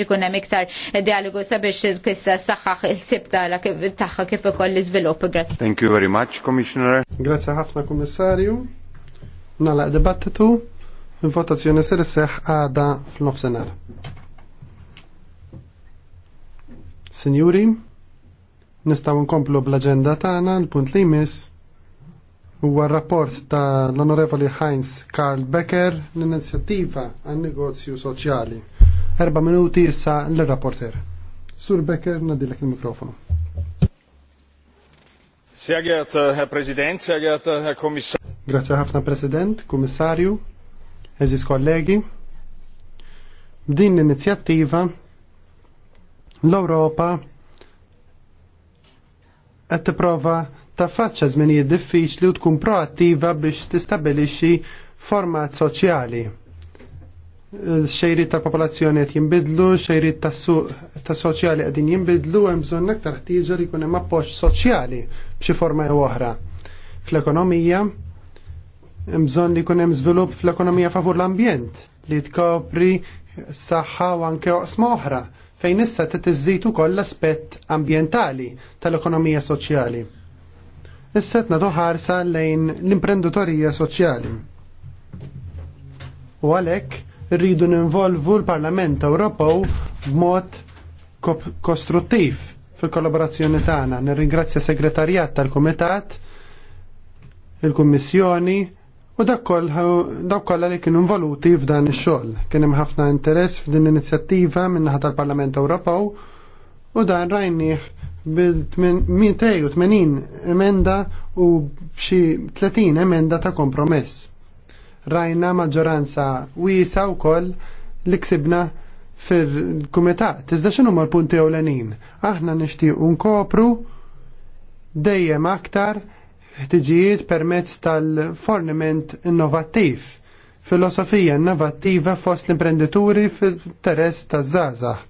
ġikun hemm iktar dialogu sabiex kissa saħħaħ il-sibta tagħha kif ukoll l-iżvilupp. Grazie. Thank you very much, Commissioner. Grazzi ħafna, Kummissarju. Nalaq dibattitu. Votazzjoni ser seħ għada fl-nofsenar. Sinjuri, nistaw nkomplu bl-agenda tagħna l-punt li jmiss huwa rapport ta' l-Onorevoli Heinz Karl Becker l-inizjattiva għan negozju soċjali. Erba minuti issa l-rapporter. Sur Becker, nadilek il-mikrofonu. Sehr Herr President, sehr Herr Kommissar. Grazie ħafna President, Kommissarju, eżis kollegi. B'din l-inizjattiva l-Europa qed tipprova taffaċċa żminijiet diffiċli u tkun proattiva biex tistabilixxi format soċjali xejrit ta' popolazzjoni qed jinbidlu, xejrit ta' suq ta' soċjali qegħdin jinbidlu, hemm bżonn aktar ħtieġa li jkun hemm appoġġ soċjali b'xi forma jew oħra. Fl-ekonomija hemm bżonn li jkun hemm żvilupp fl-ekonomija favur l-ambjent li tkopri saħħa u anke oqsma oħra fejn issa titiżżid ukoll l-aspett ambjentali tal-ekonomija soċjali. Issa qed nagħtu ħarsa lejn l-imprenditorija soċjali. U għalhekk rridu ninvolvu l-Parlament Ewropew b'mod kostruttiv fil-kollaborazzjoni tagħna. Nirringrazzja segretarjat tal-Kumitat, il-Kummissjoni u dak kollha li kienu involuti f'dan ix-xogħol. Kien hemm ħafna interess f'din l-inizjattiva min-naħa tal-Parlament Ewropew u dan rajnih bil-280 emenda u b'xi 30 emenda ta' kompromess rajna maġġoranza wiesa wkoll li ksibna fil-kumitat. Tizda xinu l-punti ewlenin? Aħna nixtiequ nkopru dejjem aktar ħtiġijiet permezz tal-forniment innovattiv, filosofija innovattiva fost l-imprendituri fil teres taż-żgħażagħ.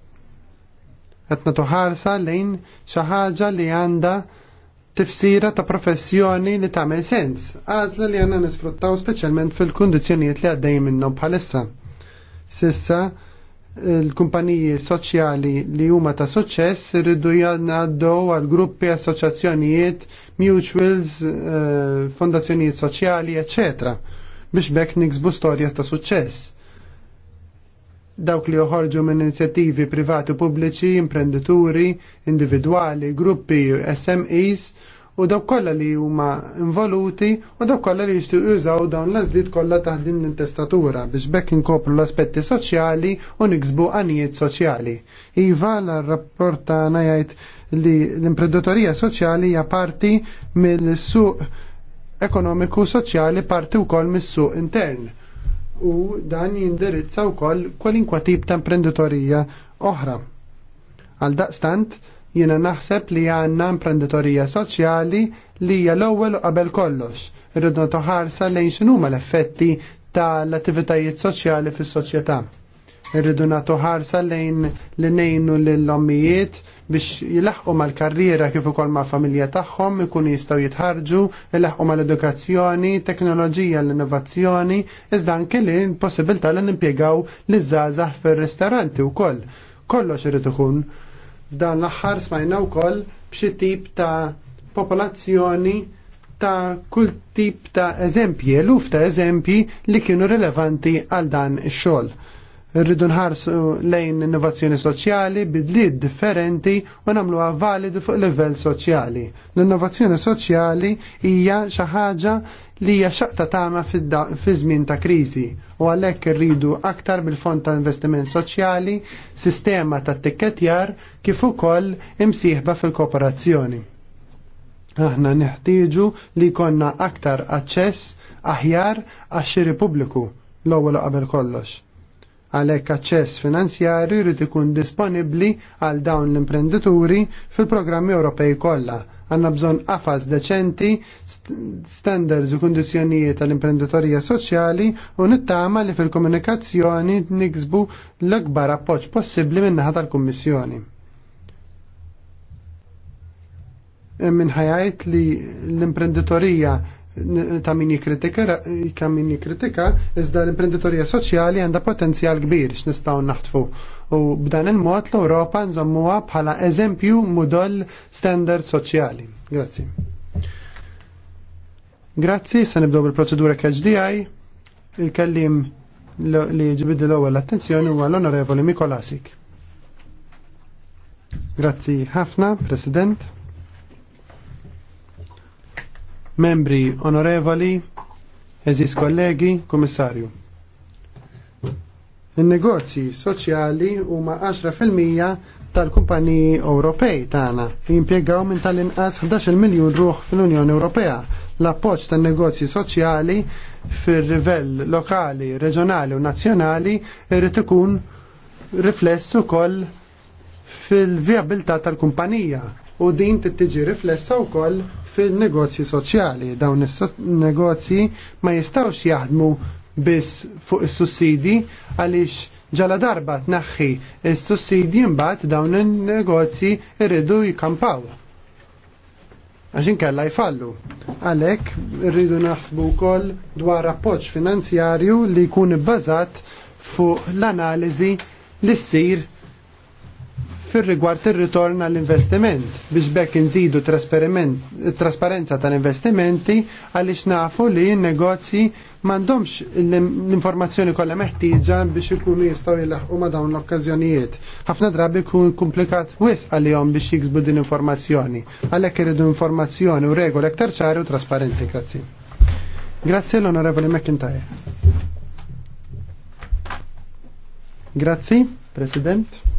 Qed tuħarsa lejn xi ħaġa li għandha tifsira ta' professjoni li tagħmel sens, għażla li għandna nisfruttaw speċjalment fil-kundizzjonijiet li għaddej minnhom bħalissa. Sissa, l-kumpaniji soċjali li huma ta' suċċess irridu jgħaddu għal gruppi, assoċjazzjonijiet, mutuals, eh, fondazzjonijiet soċjali, eccetera, biex bekk niksbu storja ta' suċċess dawk li joħorġu minn inizjattivi privati pubbliċi, imprenditori, individwali, gruppi, SMEs u dawk kollha li huma involuti u dawk kollha li jistgħu jużaw dawn l-għażliet kollha taħt din l-intestatura biex bekk inkopru l-aspetti soċjali u niksbu għanijiet soċjali. Iva l-rapport tagħna li l-imprenditorija soċjali hija parti mill-suq ekonomiku soċjali parti wkoll mis-suq intern u dan jindirizza wkoll kwalinkwa tip ta' imprenditorija oħra. Għal daqstant, jiena naħseb li għandna imprenditorija soċjali li hija l-ewwel qabel kollox. Irridna toħarsa lejn x'inhuma l-effetti tal-attivitajiet soċjali fis-soċjetà. Irridu nagħtu ħarsa lejn li nejnu lill-ommijiet biex jilaħqu mal-karriera kif ukoll ma' familja tagħhom ikunu jistgħu jitħarġu, jilaħqu mal-edukazzjoni, teknoloġija l-innovazzjoni, iżda anke li l-possibilità li nimpjegaw li żgħażagħ fir-ristoranti wkoll. Kollox irid ikun dan l-aħħar smajna wkoll b'xi tip ta' popolazzjoni ta' kull tip ta' eżempji, eluf ta' eżempji li kienu rilevanti għal dan ix-xogħol. Rridu nħarsu lejn innovazzjoni soċjali bidliet differenti u nagħmluha validi fuq livell soċjali. L-innovazzjoni soċjali hija xi ħaġa li hija xaqta tama fi żmien ta' kriżi u għalhekk irridu aktar mill-fond ta' investiment soċjali, sistema ta' tikketjar kif ukoll imsieħba fil-kooperazzjoni. Aħna neħtieġu li konna aktar aċċess aħjar għax-xiri pubbliku l-ewwel qabel kollox għalhekk aċċess finanzjarju jrid ikun disponibbli għal dawn l-imprendituri fil-programmi Ewropej kollha. Għanna bżonn qafas deċenti, standards u kundizzjonijiet tal-imprenditorija soċjali u nittama li fil-komunikazzjoni niksbu l-akbar appoġġ possibbli min-naħa tal-Kummissjoni. ħajajt li l-imprenditorija ta' min kritika, ta' min kritika, iżda l-imprenditorija soċjali għandha potenzjal kbir x'nistgħu naħtfu. U b'dan il-mod l-Ewropa nżommuha bħala eżempju modell standard soċjali. Grazzi. Grazzi, se nibdow bil-proċedura KHDI. Il-kellim li ġbiddi l-ewwel attenzjoni huwa l-Onorevoli Mikolasik. Grazzi ħafna, President membri onorevoli, eżis kollegi, komissarju. Il-negozji soċjali huma 10% tal-kumpaniji Ewropej tagħna li jimpjegaw minn tal-inqas 11 miljun ruħ fl-Unjoni Ewropea. L-appoġġ tan-negozji soċjali fir-rivell lokali, reġjonali u nazzjonali irid ikun riflessu ukoll fil-viabilità tal-kumpanija u din tittiġi riflessa wkoll fil-negozji soċjali. Dawn is-negozji ma jistawx jaħdmu biss fuq is-sussidi għaliex ġala darba tnaħħi is-sussidi mbagħad dawn in-negozji irridu jikampaw. Għaxin kella jfallu. Għalek rridu naħsbu wkoll dwar appoġġ finanzjarju li jkun ibbażat fuq l-analiżi li ssir fir-rigward ir-ritorn għall-investiment biex bekk inżidu trasparenza tal-investimenti għaliex nafu li n-negozji m'għandhomx l-informazzjoni kollha meħtieġa biex ikunu jistgħu jilaħqu ma' dawn l-okkażjonijiet. Ħafna drabi jkun komplikat wisq għalihom biex jiksbu din informazzjoni. Għalhekk iridu informazzjoni u regoli aktar ċari u trasparenti, grazzi. Grazzi l-Onorevoli McIntyre. Grazzi, President.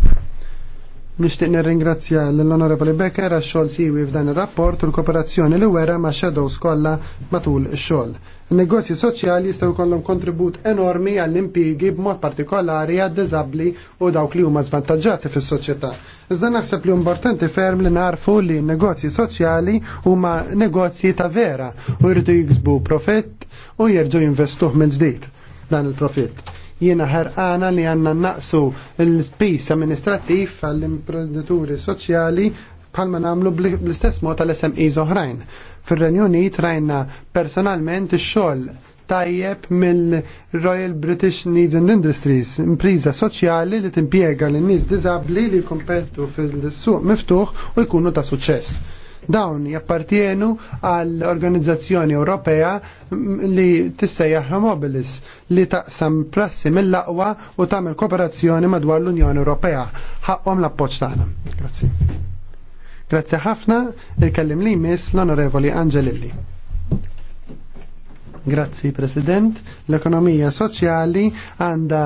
Nishtiq nirringrazzja l-Onorevoli Becker għax xogħol siwi f'dan ir-rapport u l-kooperazzjoni li wera ma' Shadows kollha matul ix-xogħol. Il-negozji soċjali jistgħu jkollhom kontribut enormi għall-impjigi b'mod partikolari għad-diżabbli u dawk li huma żvantaġġati fis-soċjetà. Iżda naħseb li importanti ferm li narfu li n-negozji soċjali huma negozji ta' vera u jridu jiksbu profitt u jerġgħu jinvestuh minn ġdid dan il-profitt Jiena ħarqana li għanna naqsu l-spis amministrativ għall-imprenditori soċjali bħalma namlu bl-istess mod tal-SMEs oħrajn. Fir-Renju Unit rajna personalment ix-xogħol tajjeb mill-Royal British Needs and Industries, impriża soċjali li timpiega l nies diżabbli li jkompetu fil-suq miftuħ u jkunu ta' suċċess Dawn jappartienu għall organizzazzjoni Ewropea li tissejjaħ Mobilis li taqsam prassi mill-aqwa u tagħmel kooperazzjoni madwar l-Unjoni Ewropea. Ħaqhom l-appoġġ tagħna. Grazzi. Grazzi ħafna il-kellim li miss l-Onorevoli Angelilli. Grazzi President, l-ekonomija soċjali għandha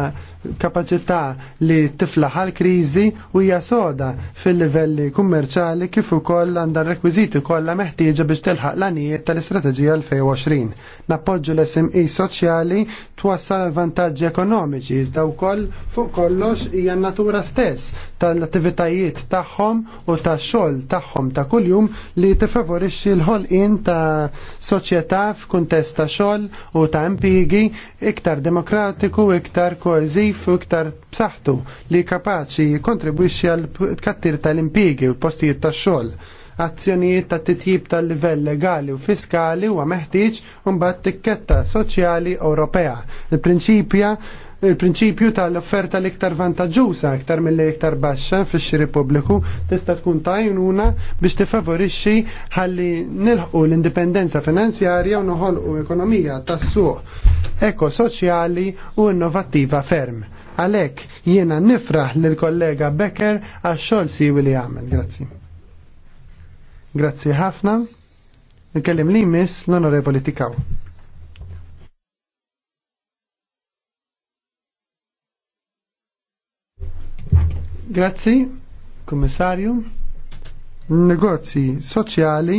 kapaċità li tiflaħ għal kriżi u hija soda fil-livelli kummerċali kif ukoll għandha rekwiżiti kollha meħtieġa biex telħaq l-għanijiet tal-Istrateġija 2020. Nappoġġu l-SMI soċjali twassal l vantaġġi ekonomiċi iżda wkoll fuq kollox hija natura stess tal-attivitajiet tagħhom u tax-xogħol tagħhom ta' kuljum li tifavorixxi l-ħolqien ta' soċjetà f'kuntest ta' xogħol u ta' impjiegi iktar demokratiku, iktar koeżiv kif u iktar b'saħħtu li kapaċi jikkontribwixxi għal tkattir tal-impjiegi u postijiet tax-xogħol. Azzjonijiet ta' titjib tal-livell legali u fiskali huwa meħtieġ u mbagħad tikketta soċjali Ewropea. Il-prinċipja il-prinċipju tal-offerta l-iktar vantaġġuża iktar mill iktar baxxa fix-xiri pubbliku tista' tkun tajnuna biex tifavorixxi ħalli nilħqu l-indipendenza finanzjarja u noħolqu ekonomija tas-suq ekosoċjali u innovattiva ferm. Għalek jiena nifraħ lill kollega Becker għax xogħol siwi li għamel. Grazzi. Grazzi ħafna. Nkellim li miss l-onorevoli Tikaw. Grazzi, Kummissarju. Negozji soċjali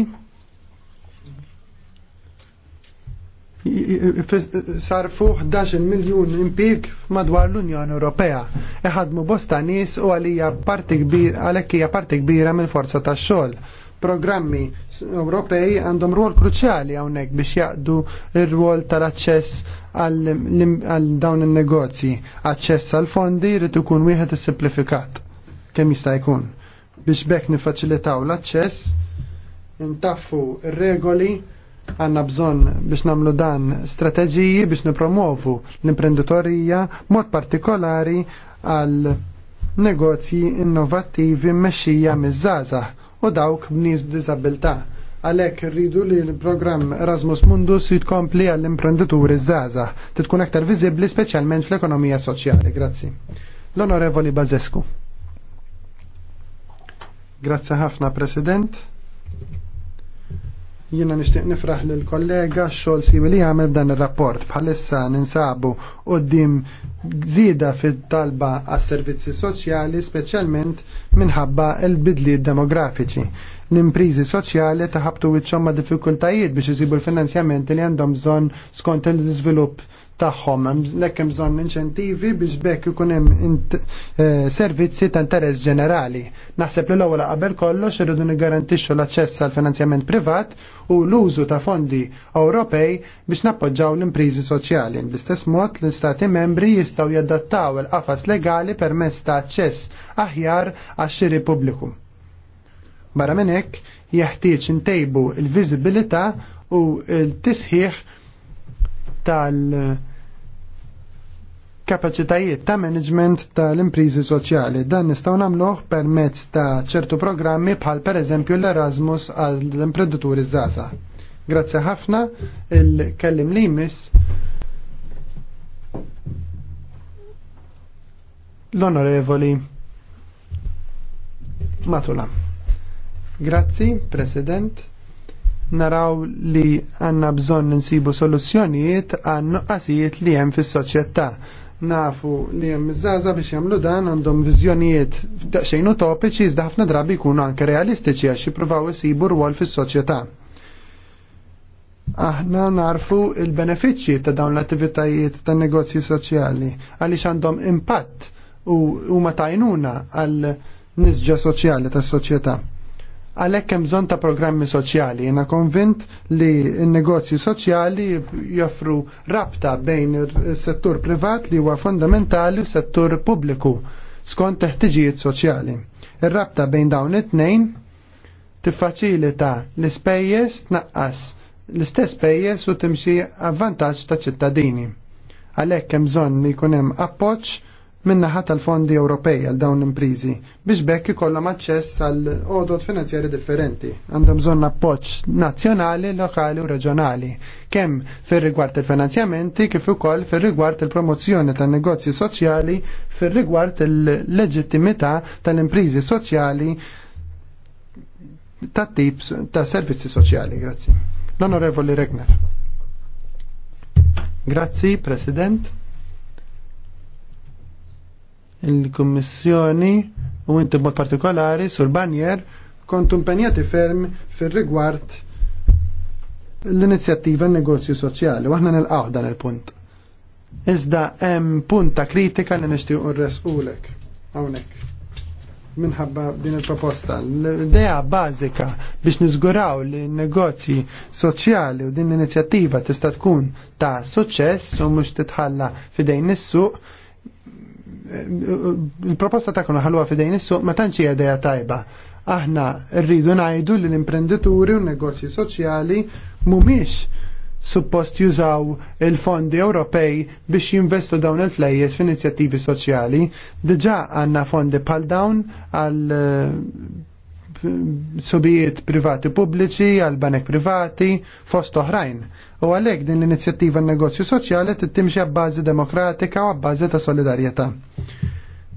sarfu 11 miljon impik madwar l-Unjoni Ewropea. Iħadmu bosta nies u għalija parti kbira għalhekk hija parti kbira mill-forza tax-xogħol. Programmi Ewropej għandhom rwol kruċjali hawnhekk biex jaqdu r-rwol tal-aċċess għal dawn in-negozji. Aċċess għal fondi jrid ikun wieħed issimplifikat kemm jista' jkun biex bekk nifaċilitaw l-aċċess, intaffu regoli għanna bżon biex namlu dan strateġiji biex nipromovu l-imprenditorija mod partikolari għal negozji innovattivi mmexxija miż-żgħażagħ u dawk b'nies b'diżabilità. Għalhekk rridu li l-programm Erasmus Mundus jitkompli għall-imprendituri żgħażagħ titkun aktar viżibbli speċjalment fl-ekonomija soċjali. Grazzi. L-Onorevoli Bazescu. Grazzi ħafna, President. Jiena nixtieq nifraħ l kollega xogħol siwi li jagħmel b'dan ir-rapport bħalissa ninsabu d-dim zida fit-talba għas servizzi soċjali speċjalment minħabba l-bidliet demografiċi. L-imprizi soċjali taħabtu wiċċhom ma' diffikultajiet biex jizibu l-finanzjament li għandhom bżonn skont l-iżvilupp tagħhom hekk hemm bżonn inċentivi biex bekk ikun hemm eh, servizzi ta' interess ġenerali. Naħseb li l-ewwel qabel kollox irridu niggarantixxu l-aċċess għal finanzjament privat u l-użu ta' fondi Ewropej biex nappoġġaw l-imprizi soċjali. Bl-istess mod l-istati membri jistgħu jadattaw il-qafas legali permezz ta' aċċess aħjar għax-xiri pubbliku. Barra minn hekk jeħtieġ intejbu l-viżibilità u l-tisħiħ tal- kapaċitajiet ta' management tal-imprizi soċjali. Dan nistgħu nagħmluh permezz ta' ċertu programmi bħal pereżempju l-Erasmus għall-imprenditur iż-żaza. Grazzi ħafna il-kellim li jmiss l-onorevoli Matula. Grazzi, President naraw li għanna bżon ninsibu soluzzjonijiet għan nuqqasijiet li hemm fis-soċjetà nafu li hemm iż-żaża biex jagħmlu dan għandhom viżjonijiet daqsxejn utopiċi iżda ħafna drabi jkunu anke realistiċi għax jippruvaw isibu rwol fis-soċjetà aħna narfu il-benefiċċji ta' dawn l-attivitajiet ta' negozji soċjali għaliex għandhom impatt u huma tajnuna għal nisġa soċjali tas soċjetà. Għalhekk hemm bżonn ta' programmi soċjali. Jiena konvint li n negozji soċjali joffru rabta bejn is-settur privat li huwa fondamentali u settur pubbliku skont teħtiġijiet soċjali. Ir-rabta bejn dawn it-tnejn tiffaċilita l-ispejjeż tnaqqas l-istess pejjeż u timxi avvantaġġ ta' ċittadini. Għalhekk hemm bżonn li jkun hemm appoġġ minnaħat tal-fondi Ewropej għal dawn l-imprizi biex bekk ikollhom aċċess għal odot finanzjari differenti. Għandhom bżonn appoġġ nazzjonali, lokali u reġjonali, kemm fir-rigward il-finanzjamenti kif ukoll fir-rigward il-promozzjoni tan-negozji soċjali, fir-rigward il-leġittimità tal-imprizi soċjali ta' tip ta' servizzi soċjali. Grazzi. L-Onorevoli Regner. Grazzi, President il-Kummissjoni u inti mod partikolari sur Banjer kont impenjati ferm fir-rigward l-inizjattiva negozju soċjali u aħna nilqaw dan il-punt. Iżda hemm punta ta' kritika li nixtiequ nresqulek hawnhekk minħabba din il-proposta. L-idea bażika biex niżguraw li negozji soċjali u din l-inizjattiva tista' tkun ta' suċċess u mhux titħalla fidejn is-suq il-proposta ta' kuna ħalwa fidejn is-suq ma tantx hija idea tajba. Aħna rridu ngħidu li l-imprenditori u n-negozji soċjali mhumiex suppost jużaw il-fondi Ewropej biex jinvestu dawn il-flejjes f'inizjattivi soċjali. Diġà għandna fondi bħal dawn għal eh, subijiet privati pubbliċi, għal banek privati, fost oħrajn. U għalhekk din l-inizjattiva negozju soċjali tittimxi għabbażi demokratika u għabbażi ta' solidarjetà.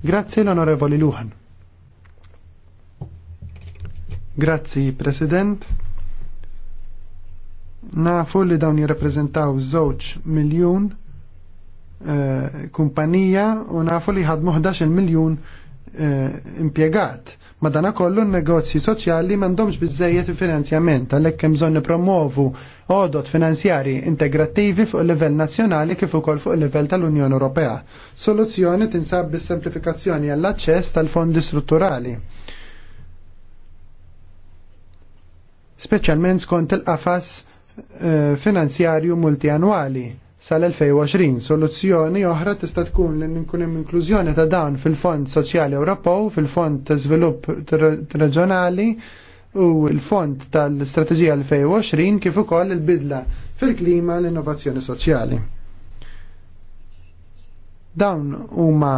Grazzi l-Onorevoli Luhan. Grazzi, President. Nafu li dawn jirrepreżentaw żewġ miljun eh, kumpanija u nafu li ħadmu 11 miljun eh, impjegat Madana kollu n-negozji soċjali mandomx bizzejiet finanzjament għalhekk hemm bżonn nipromovu għodot finanzjari integrattivi fuq livell nazzjonali kif ukoll fuq livell tal-Unjoni Ewropea. Soluzzjoni tinsab bis-semplifikazzjoni għall-aċċess tal-fondi strutturali. Speċjalment skont il-qafas eh, finanzjarju multianwali sal-2020. Soluzzjoni oħra tista' tkun li nkun hemm inklużjoni ta' dan fil-Fond Soċjali Ewropew, fil-Fond ta' Żvilupp Reġjonali u l-Fond tal-Strateġija 2020 kif ukoll il-bidla fil-klima l-innovazzjoni soċjali. Dawn huma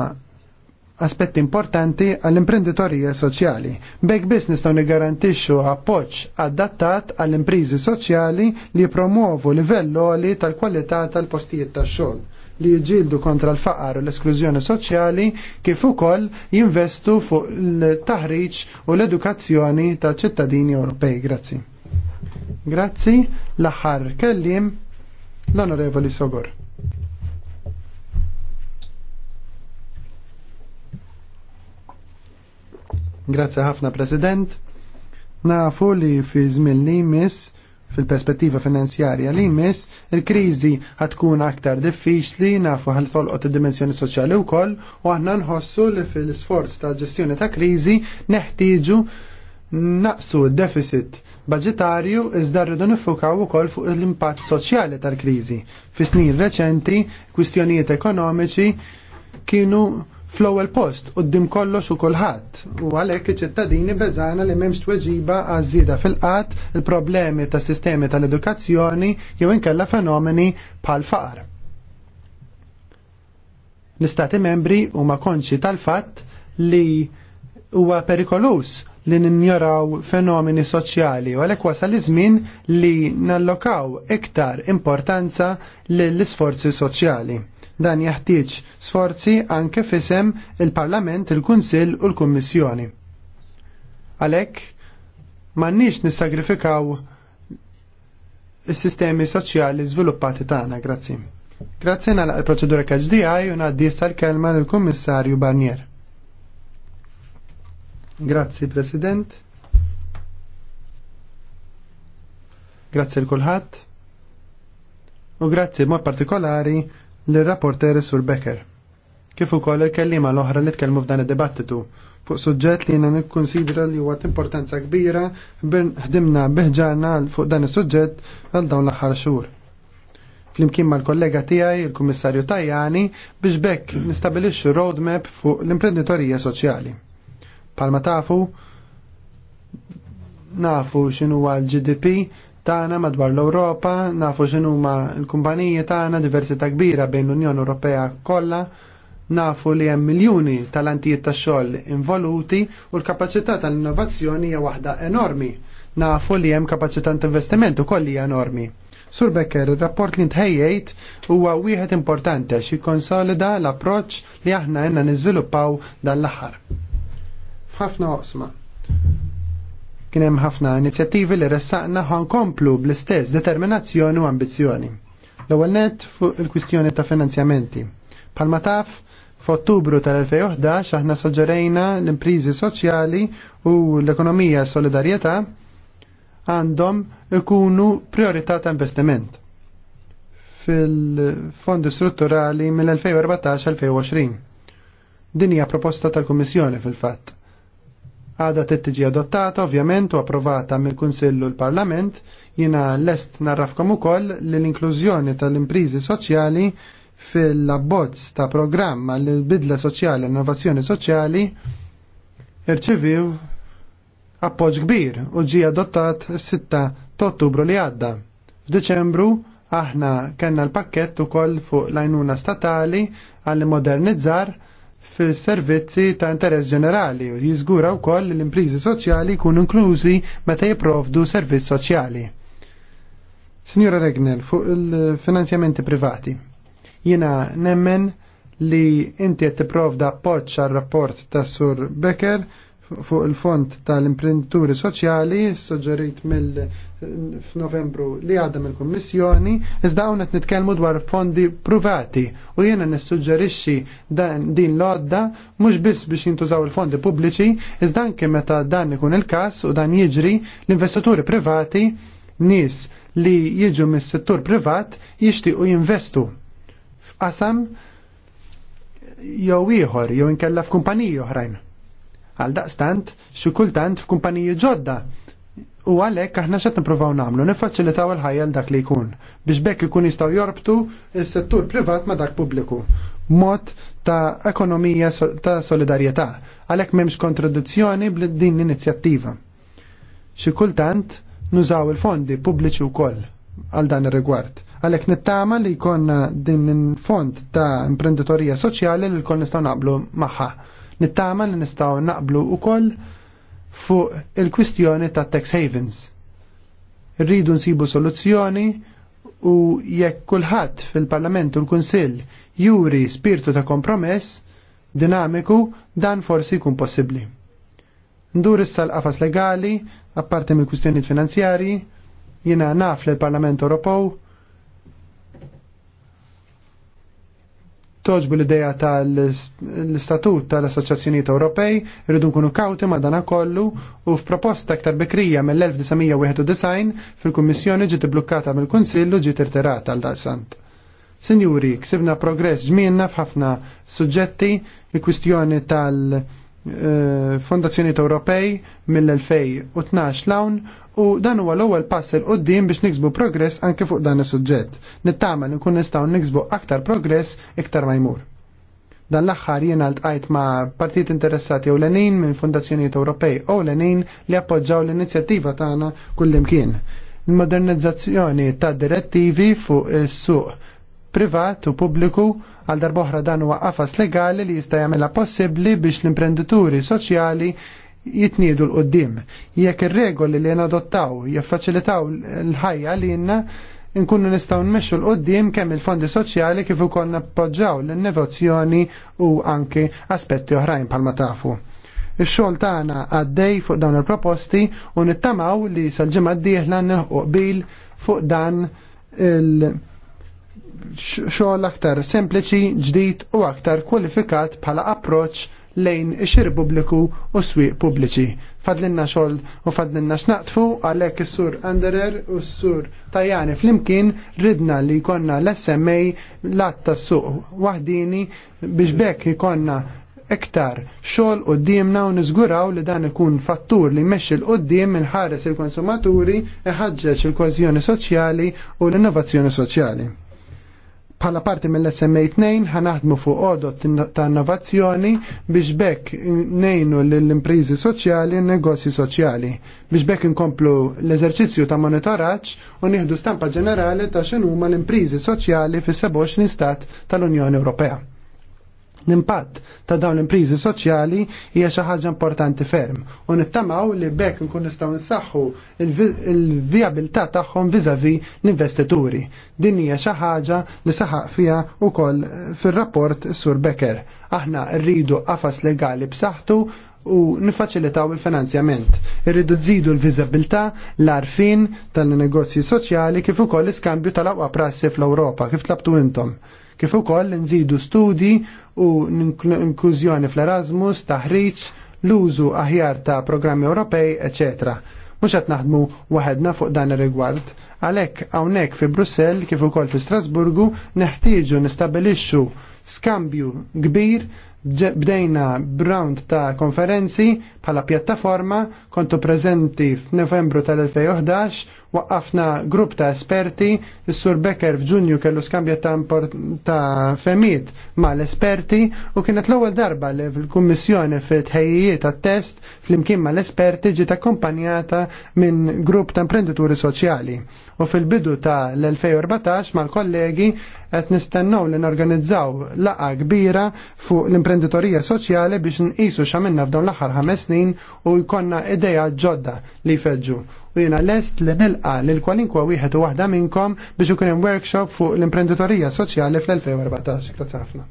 aspett importanti għall-imprenditorija soċjali. Bek biss nistgħu nigarantixxu appoġġ adattat għall-imprizi soċjali li promuovu livell li tal-kwalità tal-postijiet tax-xogħol li jġildu kontra l-faqar u l-esklużjoni soċjali kif ukoll jinvestu fuq l-taħriġ u l-edukazzjoni ta' ċittadini Ewropej. Grazzi. Grazzi l-aħħar kellim l-Onorevoli Sogor. Grazzi ħafna President. Nafu li fi żmien li jmiss fil-perspettiva finanzjarja li jmiss, il-krizi ħatkun aktar diffiċli nafu ħal tolqot id-dimensjoni soċjali wkoll u aħna nħossu li fil-sforz ta' ġestjoni ta' krizi neħtieġu naqsu d-deficit budgetarju iżda rridu nifukaw ukoll fuq l-impatt soċjali tal kriżi Fi snin reċenti, kwistjonijiet ekonomiċi kienu fl-ewwel post qudiem kollox u kulħadd. U għalhekk iċ-ċittadini beżana li m'hemmx tweġiba għażida fil-qatt il-problemi tas sistemi tal-edukazzjoni jew inkella fenomeni bħal faqar. L-istati membri huma konxi tal-fatt li huwa perikolus li ninjoraw fenomeni soċjali u għalhekk wasal iż-żmien li nallokaw iktar importanza lill isforzi soċjali. Dan jaħtieġ sforzi anke fisem il-Parlament, il-Kunsill u l-Kummissjoni. Għalhekk m'għandniex nissagrifikaw is-sistemi soċjali żviluppati tagħna, grazzi. Grazzi nagħlaq il-proċedura KHDI u ngħaddi l-kelma lill-Kummissarju Barnier. Grazzi President. Grazzi l kulħadd. U grazzi mod partikolari l-rapporter Sur Becker. Kif ukoll il-kellima l-oħra li tkellmu f'dan id-dibattitu fuq suġġett li jiena nikkunsidra li huwa importanza kbira ħdimna biħġarna fuq dan is-suġġett għal dawn l-aħħar xhur. Flimkien mal-kollega tiegħi il-Kummissarju Tajani biex bekk nistabilixxu roadmap fuq l-imprenditorija soċjali. Palma tafu nafu x'inhuwa l-GDP tagħna madwar l-Ewropa, nafu x'inhuma l-kumpaniji tagħna diversità kbira bejn l-Unjoni Ewropea kollha, nafu li hemm miljuni tal-antijiet tax-xogħol involuti u l-kapaċità tal-innovazzjoni hija waħda enormi. Nafu li hemm kapaċità ta' investiment ukoll hija enormi. Sur Becker, il-rapport li ntħejjejt huwa wieħed importanti għax jikkonsolida l-approċċ li aħna għandna niżviluppaw dan l-aħħar. F'ħafna oqsma. Kien hemm ħafna inizjattivi li ressaqna komplu bl-istess determinazzjoni u ambizzjoni. L-ewwel net fuq il-kwistjoni ta' finanzjamenti. Palma taf, f'Ottubru tal-2011 aħna soġġerejna l-imprizi soċjali u l-ekonomija solidarjetà għandhom ikunu priorità ta' investiment fil-fondi strutturali mill-2014-2020. Din hija proposta tal-Kummissjoni fil-fatt għada tiġi adottata ovvjament u approvata mill kunsillu l-Parlament, jina lest narrafkom ukoll li l-inklużjoni tal-imprizi soċjali fil-abbozz ta' programma l bidla soċjali, innovazzjoni soċjali, irċiviw appoġġ kbir u ġi adottat 6 ta' ottubru li għadda. F'Deċembru aħna kellna l-pakkett ukoll fuq l ajnuna statali għall-modernizzar fil-servizzi ta' interess ġenerali u jiżgura wkoll li l-imprizi soċjali kun inklużi meta jipprovdu servizz soċjali. Signora Regner, fuq il-finanzjamenti privati, jiena nemmen li inti qed tipprovda poċ għal rapport ta' Sur Becker fuq il-fond tal-imprendituri soċjali soġġerit mill f'Novembru li għadda mill-Kummissjoni, iżda hawn qed nitkellmu dwar fondi privati u jiena nissuġġerixxi din l-għodda mhux biss biex jintużaw il-fondi pubbliċi, iżda anke meta dan ikun il-każ u dan jiġri l-investituri privati nies li jiġu mis-settur privat jixtiequ jinvestu f'qasam jew ieħor jew inkella f'kumpaniji oħrajn Għal daqstant, xi kultant f'kumpaniji ġodda. U għalhekk aħna xed nippruvaw nagħmlu niffaċilitaw il-ħajja l dak li jkun biex bekk ikun jistgħu jorbtu s-settur privat ma' dak pubbliku. Mod ta' ekonomija ta' solidarjetà għalhekk m'hemmx kontradizzjoni bl din l-inizjattiva. Xi kultant nużaw il-fondi pubbliċi wkoll għal dan ir-rigward għalek nittama li jkonna din il fond ta' imprenditorija soċjali li l nistgħu nistaw naqblu maħħa. Nittama li nistgħu naqblu wkoll fuq il-kwistjoni ta' tax havens. Rridu nsibu soluzzjoni u jekk kulħadd fil-Parlament u l-Kunsill juri spirtu ta' kompromess dinamiku dan forsi jkun possibbli. Ndur issa l-qafas legali, apparti mill-kwistjonijiet finanzjarji, jiena naf li l-Parlament Ewropew toġbu l-ideja tal-istatut tal-Assoċjazzjonijiet Ewropej, irridu nkunu kawti ma dana kollu u f'proposta aktar bekrija mill-1991 fil-Kummissjoni ġiet blukkata mill-Kunsillu ġiet irterata għal daqsant. Sinjuri, ksibna progress ġmienna f'ħafna suġġetti, il-kwistjoni tal- Fondazzjoni Ewropej mill-2012 lawn u dan huwa l-ewwel pass il qudiem biex niksbu progress anke fuq dan is-suġġett. Nittama nkun nistgħu niksbu aktar progress iktar ma jmur. Dan l-aħħar jien ltqajt ma' partit interessati lenin minn fondazzjonijiet Ewropej u Lenin li appoġġaw l-inizjattiva tagħna kullimkien. Il-modernizzazzjoni ta' direttivi fuq is-suq privat u pubbliku għal darboħra dan huwa qafas legali li jista' jagħmilha possibbli biex l-imprendituri soċjali jitniedu l-qoddim. Jekk ir-regoli li nadottaw jaffaċilitaw l-ħajja li jenna nkunu nistgħu nmexxu l-qoddim kemm il-fondi soċjali kif ukoll nappoġġaw l-innovazzjoni u anke aspetti oħrajn bħalma tafu. Ix-xogħol tagħna għaddej fuq dawn il-proposti u nittamaw li sal-ġimgħa d-dieħla nilħu fuq dan il- xogħol aktar sempliċi, ġdid u aktar kwalifikat bħala approċ lejn ix-xir pubbliku u swieq pubbliċi. Fadlinna xogħol u fadlinna x'naqtfu għalhekk is-sur Anderer u s-sur Tajani flimkien ridna li jkollna l-SMA l-att tas-suq waħdini biex bekk jkollna iktar xogħol qudiemna u niżguraw li dan ikun fattur li jmexxi l qudiem minħares il-konsumaturi, iħaġġeġ il kważjoni soċjali u l-innovazzjoni soċjali. Bħala parti mill-SMA2 ħanaħdmu fuq għodot ta' innovazzjoni biex bekk nejnu l-imprizi soċjali n negozji soċjali. Biex bekk inkomplu l-eżerċizzju ta' monitoraġġ u nieħdu stampa ġenerali ta' x'inhuma l-imprizi soċjali fis-27 stat tal-Unjoni Ewropea l-impatt ta' dawn l-imprizi soċjali hija xi ħaġa importanti ferm. U nittamaw li bekk nkun nistgħu nsaħħu il-vijabilità tagħhom viżavi l-investituri. Din hija xi ħaġa li saħaq fiha wkoll fir-rapport Sur Becker. Aħna rridu qafas legali b'saħħtu u nifaċilitaw il-finanzjament. Irridu tżidu l-viżabilità l-arfin tal-negozji soċjali kif ukoll l-iskambju tal-aqwa prassi fl-Ewropa kif tlabtu intom kif ukoll nżidu studji u inklużjoni fl-Erasmus, taħriġ, l-użu aħjar ta' programmi Ewropej, eċetera. Mhux qed naħdmu waħedna fuq dan ir-rigward. Għalhekk hawnhekk fi Brussell kif ukoll fi Strasburgu neħtieġu nistabilixxu skambju kbir bdejna b'round ta' konferenzi bħala pjattaforma kontu preżenti f'Novembru tal-2011 waqqafna grupp ta' esperti, s-sur Becker f'Ġunju kellu skambja ta', ta ma' mal esperti u kienet l-ewwel darba li fil-Kummissjoni fit-tħejjiet ta' test fl-imkien mal esperti ġiet akkompanjata minn grupp ta' imprenditori soċjali. U fil-bidu ta' l-2014 mal-kollegi qed nistennew li norganizzaw laqa kbira fuq l-imprenditorija soċjali biex nqisu x'għamilna f'dawn l-aħħar ħames snin u jkollna idea ġodda li feġġu u jiena lest li nilqa l kwalinkwa wieħed u waħda minnkom biex ikun hemm workshop fuq l-imprenditorija soċjali fl-2014. Grazie ħafna.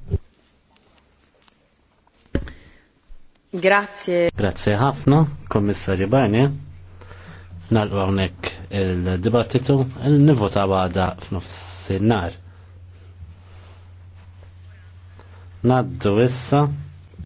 Grazie. Grazie ħafna, Kommissarju Barni. Nalqu hawnhekk il-dibattitu, il-nivota għada f'nofsinhar. Naddu issa